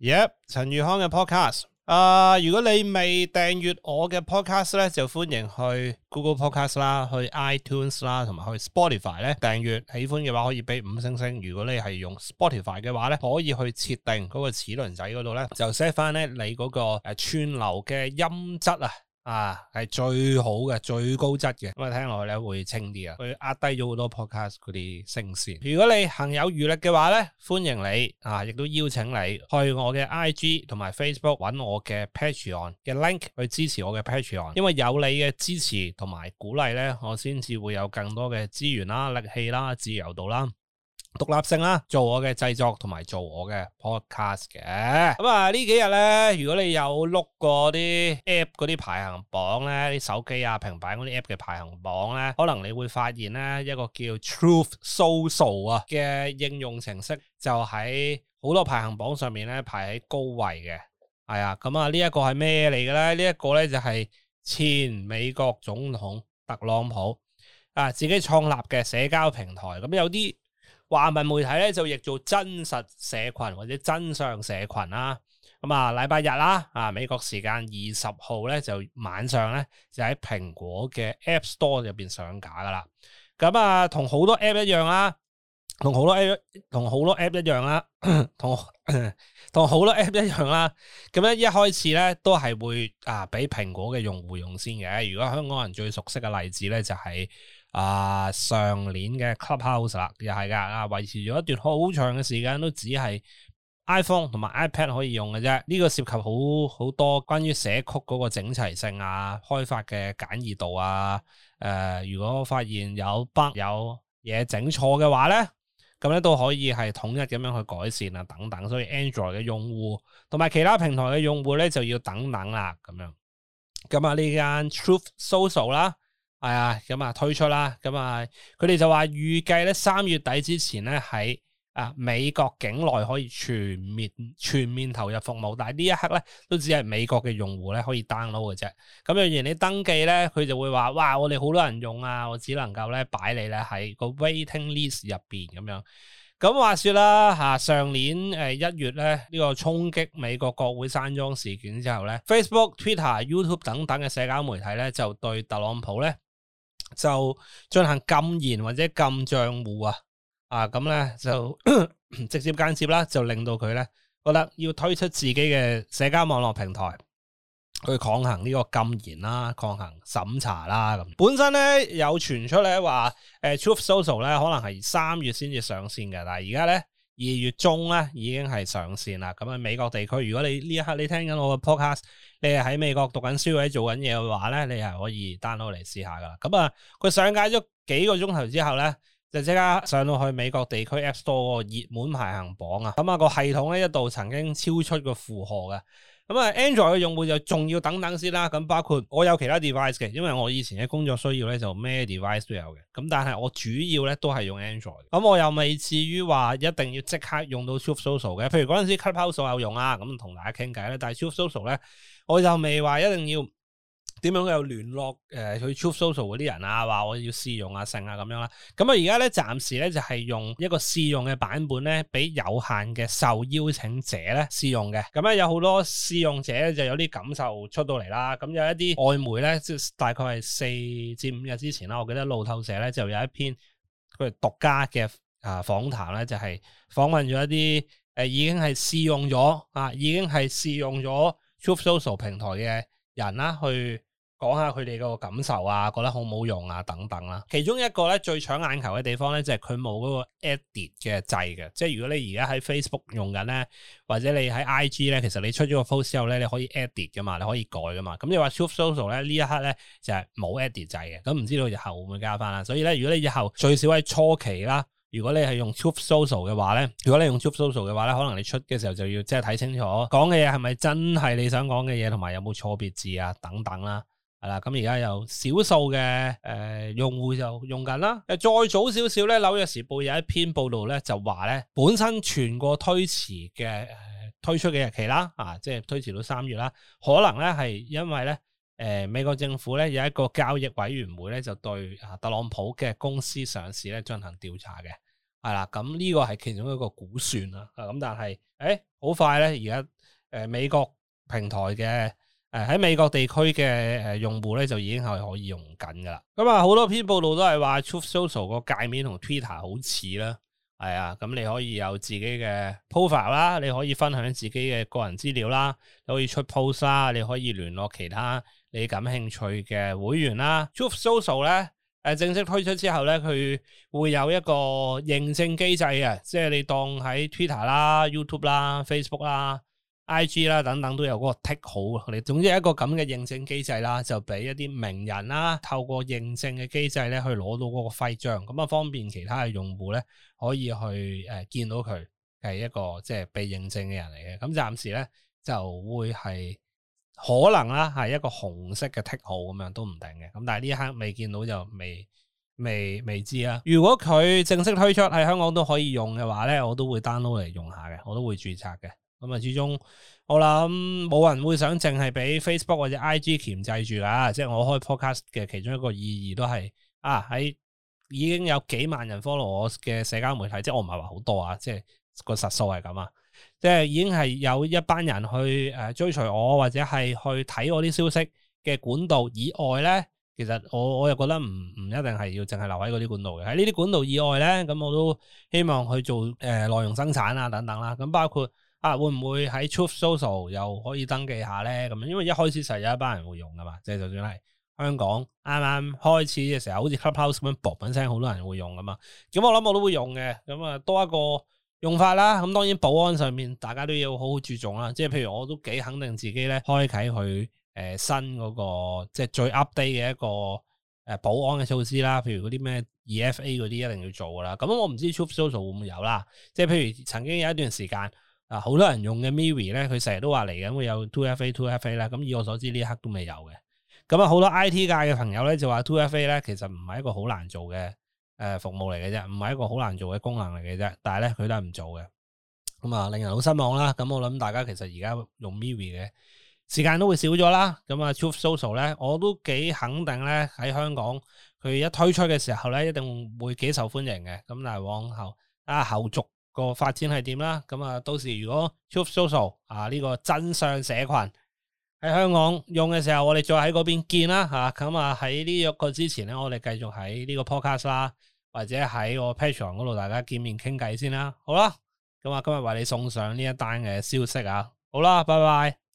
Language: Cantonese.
Yep，陳宇康嘅 podcast。Uh，如果你未訂閱我嘅 podcast 咧，就歡迎去 Google Podcast 啦，去 iTunes 啦，同埋去 Spotify 咧訂閱。喜歡嘅話可以俾五星星。如果你係用 Spotify 嘅話咧，可以去設定嗰個齒輪仔嗰度咧，就 set 翻你嗰個串流嘅音質啊。啊，係最好嘅，最高質嘅，咁、嗯、啊聽落去咧會清啲啊，會壓低咗好多 podcast 嗰啲聲線。如果你行有餘力嘅話咧，歡迎你啊，亦都邀請你去我嘅 IG 同埋 Facebook 揾我嘅 Patreon 嘅 link 去支持我嘅 Patreon，因為有你嘅支持同埋鼓勵咧，我先至會有更多嘅資源啦、力氣啦、自由度啦。獨立性啦，做我嘅製作同埋做我嘅 podcast 嘅。咁啊呢幾日咧，如果你有碌過啲 app 嗰啲排行榜咧，啲手機啊、平板嗰啲 app 嘅排行榜咧，可能你會發現咧一個叫 Truth Social 啊嘅應用程式，就喺好多排行榜上面咧排喺高位嘅。係、哎、啊，咁啊呢一個係咩嚟嘅咧？呢、這、一個咧就係前美國總統特朗普啊自己創立嘅社交平台。咁、嗯、有啲華文媒體咧就譯做真實社群或者真相社群啦。咁啊，禮、嗯、拜日啦，啊美國時間二十號咧就晚上咧就喺蘋果嘅 App Store 入邊上架噶啦。咁、嗯、啊，同好多 App 一樣啦、啊，同好多 App 同好多 App 一樣啦、啊，同同好多 App 一樣啦、啊。咁樣一開始咧都係會啊俾蘋果嘅用戶用先嘅。如果香港人最熟悉嘅例子咧就係、是。啊上年嘅 Clubhouse 啦，又係噶啊，維持咗一段好長嘅時間，都只係 iPhone 同埋 iPad 可以用嘅啫。呢、這個涉及好好多關於寫曲嗰個整齊性啊，、開發嘅簡易度啊。誒、啊，如果發現有 bug 有嘢整錯嘅話咧，咁咧都可以係統一咁樣去改善啊等等。所以 Android 嘅用戶同埋其他平台嘅用戶咧，就要等等啦。咁樣，咁啊呢間 Truth Social 啦。係啊，咁啊、哎嗯、推出啦，咁啊佢哋就話預計咧三月底之前咧喺啊美國境內可以全面全面投入服務，但係呢一刻咧都只係美國嘅用戶咧可以 download 嘅啫。咁、嗯、樣而你登記咧，佢就會話哇，我哋好多人用啊，我只能夠咧擺你咧喺個 waiting list 入邊咁樣。咁、嗯、話說啦吓、啊，上年誒一月咧呢、呢個衝擊美國國會山莊事件之後咧，Facebook、Twitter、YouTube 等等嘅社交媒體咧就對特朗普咧。就進行禁言或者禁帳戶啊，啊咁咧就 直接間接啦，就令到佢咧覺得要推出自己嘅社交網絡平台去抗衡呢個禁言啦、抗衡審查啦咁。本身咧有傳出咧話，誒 Truth Social 咧可能係三月先至上線嘅，但係而家咧。二月中咧已經係上線啦，咁、嗯、喺美國地區，如果你呢一刻你聽緊我嘅 podcast，你係喺美國讀緊書或者做緊嘢嘅話咧，你係可以 download 嚟試下噶啦。咁、嗯、啊，佢上架咗幾個鐘頭之後咧，就即刻上到去美國地區 App Store 個熱門排行榜啊。咁、嗯、啊、這個系統咧一度曾經超出個負荷嘅。咁啊、嗯、Android 嘅用戶就仲要等等先啦。咁包括我有其他 device 嘅，因為我以前嘅工作需要咧，就咩 device 都有嘅。咁但係我主要咧都係用 Android。咁、嗯、我又未至於話一定要即刻用到 Truth Social 嘅。譬如嗰陣時 Clubhouse 有用啊，咁同大家傾偈咧。但係 Truth Social 咧，我就未話一定要。點樣佢有聯絡誒？佢、呃、Truth Social 嗰啲人啊，話我要試用啊，成啊咁樣啦。咁啊，而家咧暫時咧就係、是、用一個試用嘅版本咧，俾有限嘅受邀請者咧試用嘅。咁、嗯、咧有好多試用者呢就有啲感受出到嚟啦。咁、嗯、有一啲外媒咧，即係大概係四至五日之前啦，我記得路透社咧就有一篇佢獨家嘅啊訪談咧，就係、是、訪問咗一啲誒、呃、已經係試用咗啊，已經係試用咗 Truth Social 平台嘅人啦、啊，去。講下佢哋個感受啊，覺得好唔好用啊等等啦。其中一個咧最搶眼球嘅地方咧，就係佢冇嗰個 edit 嘅掣嘅。即係如果你而家喺 Facebook 用緊咧，或者你喺 IG 咧，其實你出咗個 post 之後咧，你可以 edit 噶嘛，你可以改噶嘛。咁、嗯、你話 Truth Social 咧呢一刻咧就係、是、冇 edit 掣嘅。咁唔知道日後會唔會加翻啦。所以咧，如果你以後最少喺初期啦，如果你係用 Truth Social 嘅話咧，如果你用 Truth Social 嘅話咧，可能你出嘅時候就要即係睇清楚講嘅嘢係咪真係你想講嘅嘢，同埋有冇錯別字啊等等啦。係啦，咁而家有少數嘅誒、呃、用戶就用緊啦。誒，再早少少咧，紐約時報有一篇報道咧就話咧，本身全國推遲嘅誒、呃、推出嘅日期啦，啊，即係推遲到三月啦，可能咧係因為咧誒、呃、美國政府咧有一個交易委員會咧就對啊特朗普嘅公司上市咧進行調查嘅，係、啊、啦，咁、這、呢個係其中一個估算啦。咁、啊、但係誒好快咧，而家誒美國平台嘅。誒，喺美國地區嘅，誒用戶咧就已經係可以用緊噶啦。咁、嗯、啊，好多篇報道都係話 Truth Social 個界面同 Twitter 好似啦，係啊。咁你可以有自己嘅 profile 啦，你可以分享自己嘅個人資料啦，你可以出 post 啦，你可以聯絡其他你感興趣嘅會員啦。Truth Social 咧，誒、呃、正式推出之後咧，佢會有一個認證機制嘅，即係你當喺 Twitter 啦、YouTube 啦、Facebook 啦。I.G 啦，等等都有嗰個 tick 號，你總之一個咁嘅認證機制啦，就俾一啲名人啦，透過認證嘅機制咧，去攞到嗰個徽章，咁啊方便其他嘅用戶咧，可以去誒見到佢係一個即係被認證嘅人嚟嘅。咁、嗯、暫時咧就會係可能啦，係一個紅色嘅 tick 號咁樣都唔定嘅。咁但係呢一刻未見到就未未未知啦、啊。如果佢正式推出喺香港都可以用嘅話咧，我都會 download 嚟用下嘅，我都會註冊嘅。咁啊，始終我諗冇人會想淨係俾 Facebook 或者 IG 鉗制住啦。即係我開 Podcast 嘅其中一個意義都係啊，喺已經有幾萬人 follow 我嘅社交媒體，即係我唔係話好多啊，即係個實數係咁啊。即係已經係有一班人去誒、呃、追隨我，或者係去睇我啲消息嘅管道以外咧，其實我我又覺得唔唔一定係要淨係留喺嗰啲管道嘅，喺呢啲管道以外咧，咁我都希望去做誒、呃、內容生產啊等等啦。咁包括。啊，會唔會喺 Truth Social 又可以登記下咧？咁樣，因為一開始就有一班人會用噶嘛，即係就算係香港啱啱開始嘅時候，好似 Clubhouse 咁樣博本聲，好多人會用噶嘛。咁、嗯、我諗我都會用嘅，咁、嗯、啊多一個用法啦。咁、嗯、當然保安上面大家都要好好注重啦。即係譬如我都幾肯定自己咧，開啟佢誒、呃、新嗰、那個即係最 update 嘅一個誒保安嘅措施啦。譬如嗰啲咩 2FA 嗰啲一定要做噶啦。咁、嗯、我唔知 Truth Social 會唔會有啦。即係譬如曾經有一段時間。啊，好多人用嘅 MeWe 咧，佢成日都話嚟緊會有 TwoFA TwoFA 咧，咁以我所知呢一刻都未有嘅。咁、嗯、啊，好多 IT 界嘅朋友咧就話 TwoFA 咧，其實唔係一個好難做嘅誒、呃、服務嚟嘅啫，唔係一個好難做嘅功能嚟嘅啫。但係咧，佢都係唔做嘅。咁、嗯、啊，令人好失望啦。咁、啊、我諗大家其實而家用 MeWe 嘅時間都會少咗啦。咁啊，Truth Social 咧，我都幾肯定咧，喺香港佢一推出嘅時候咧，一定會幾受歡迎嘅。咁但係往後啊，後續。個發展係點啦，咁啊，到時如果 Truth Social 啊呢個真相社群喺香港用嘅時候，我哋再喺嗰邊見啦吓。咁啊喺呢一個之前咧，我哋繼續喺呢個 Podcast 啦，或者喺我 Patreon 上嗰度大家見面傾偈先啦。好啦，咁啊今日為你送上呢一單嘅消息啊。好啦，拜拜。